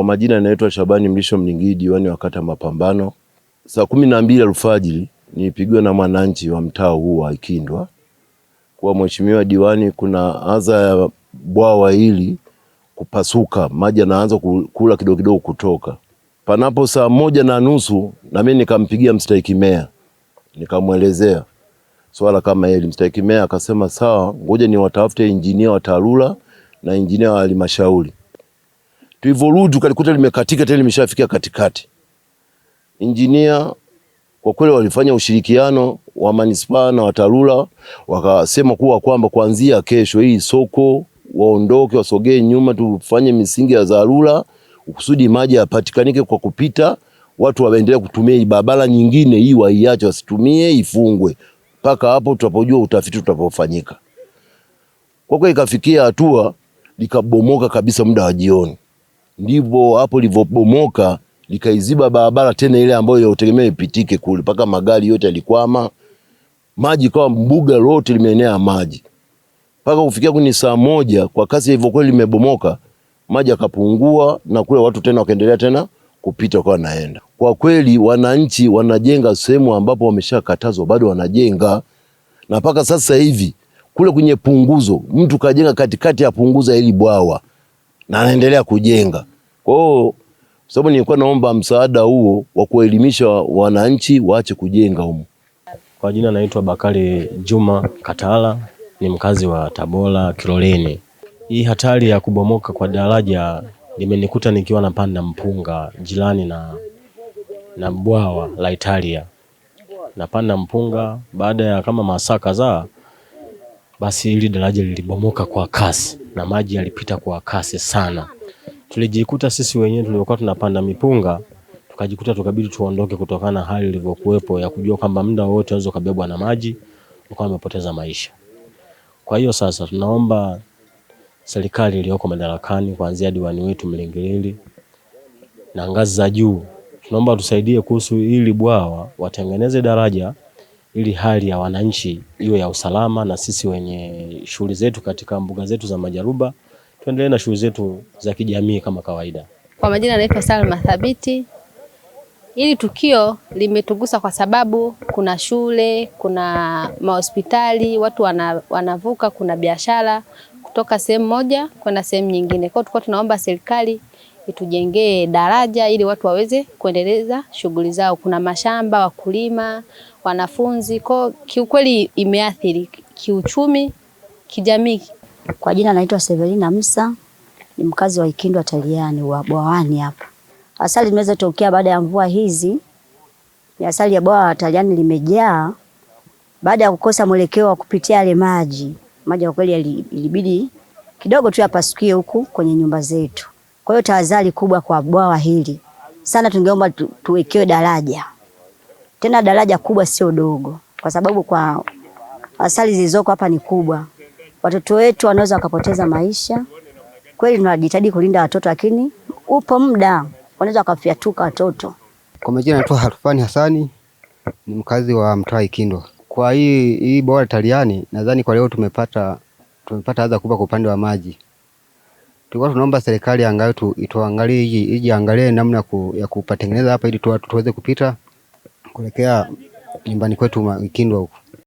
Kwa majina yanaitwa Shabani Mlisho Mlingii, diwani wa kata Mapambano. Saa kumi na mbili alfajiri nilipigiwa na mwananchi wa mtaa huu wa Ikindwa kuwa mheshimiwa diwani, kuna adha ya bwawa hili kupasuka, maji yanaanza kula kidogo kidogo kutoka. Panapo saa moja na nusu na mimi nikampigia mstahiki meya nikamwelezea swala kama hili. Mstahiki meya akasema sawa, ngoja niwatafute injinia wa TARURA na injinia wa halmashauri Tulivyorudi ukalikuta limekatika tena limeshafikia katikati. Injinia kwa kweli walifanya ushirikiano wa manispaa na watarura wakasema kuwa kwamba kuanzia kesho hii soko waondoke, wasogee nyuma, tufanye misingi ya dharura kusudi maji yapatikanike kwa kupita, watu waendelee kutumia hii barabara nyingine, hii waiache, wasitumie, ifungwe mpaka hapo tutapojua utafiti utapofanyika. Kwa kweli ikafikia hatua likabomoka kabisa muda wa jioni ndivyo hapo lilivyobomoka likaiziba barabara tena ile ambayo ilitegemea ipitike kule, mpaka magari yote yalikwama, maji kwa mbuga lote limeenea maji mpaka kufikia kuni saa moja, kwa kasi ilivyokuwa limebomoka, maji akapungua na kule watu tena wakaendelea tena kupita kwa naenda. Kwa kweli wananchi wanajenga sehemu ambapo wameshakatazwa bado wanajenga, na mpaka sasa hivi kule kwenye punguzo mtu kajenga katikati ya punguza ili bwawa na anaendelea kujenga kwa hiyo sababu nilikuwa naomba msaada huo wa kuelimisha wananchi waache kujenga humo. Kwa jina naitwa Bakari Juma Katala, ni mkazi wa Tabora Kiloleni. Hii hatari ya kubomoka kwa daraja limenikuta nikiwa napanda mpunga jirani na, na bwawa la Italia. Napanda mpunga, baada ya kama masaa kadhaa, basi hili daraja lilibomoka kwa kasi na maji yalipita kwa kasi sana tulijikuta sisi wenyewe tuliokuwa tunapanda mipunga tukajikuta tukabidi tuondoke kutokana na hali ilivyokuwepo ya kujua kwamba muda wote unaweza kubebwa na maji ukawa umepoteza maisha. Kwa hiyo sasa tunaomba serikali iliyoko madarakani kuanzia diwani wetu Mlingilili na ngazi za juu, tunaomba tusaidie kuhusu ili bwawa watengeneze daraja ili hali ya wananchi iwe ya usalama, na sisi wenye shughuli zetu katika mbuga zetu za Majaruba tuendelee na shughuli zetu za kijamii kama kawaida. Kwa majina naitwa Salma Thabiti. Hili tukio limetugusa kwa sababu kuna shule, kuna mahospitali, watu wana, wanavuka, kuna biashara kutoka sehemu moja kwenda sehemu nyingine. Kwa hiyo tulikuwa tunaomba serikali itujengee daraja ili watu waweze kuendeleza shughuli zao. Kuna mashamba, wakulima, wanafunzi. Kwa kiukweli imeathiri kiuchumi, kijamii kwa jina naitwa Severina msa ni mkazi wa Ikindwa Taliani wa Bwawani hapa. Asali zinazotokea baada ya mvua hizi ni asali ya bwawa Taliani limejaa baada ya kukosa mwelekeo wa kupitia yale maji. Maji kwa kweli ilibidi kidogo tu yapasukie huku kwenye nyumba zetu. Kwa hiyo tahadhari kubwa kwa bwawa hili. Sana tungeomba tu, tuwekewe daraja. Tena daraja kubwa sio dogo kwa sababu kwa asali zilizoko hapa ni kubwa watoto wetu wanaweza wakapoteza maisha. Kweli tunajitahidi kulinda watoto, lakini upo muda wanaweza wakafyatuka watoto. Kwa majina naitwa Harfani Hasani, ni mkazi wa mtaa ikindwa Kwa hii hii bwawa Taliani, nadhani kwa leo tumepata tumepata adha kubwa kwa upande wa maji. Tulikuwa tunaomba serikali angalau tu ituangalie hii ije angalie namna ku, ya kupatengeneza hapa ili tuweze kupita kuelekea nyumbani kwetu ikindwa huko.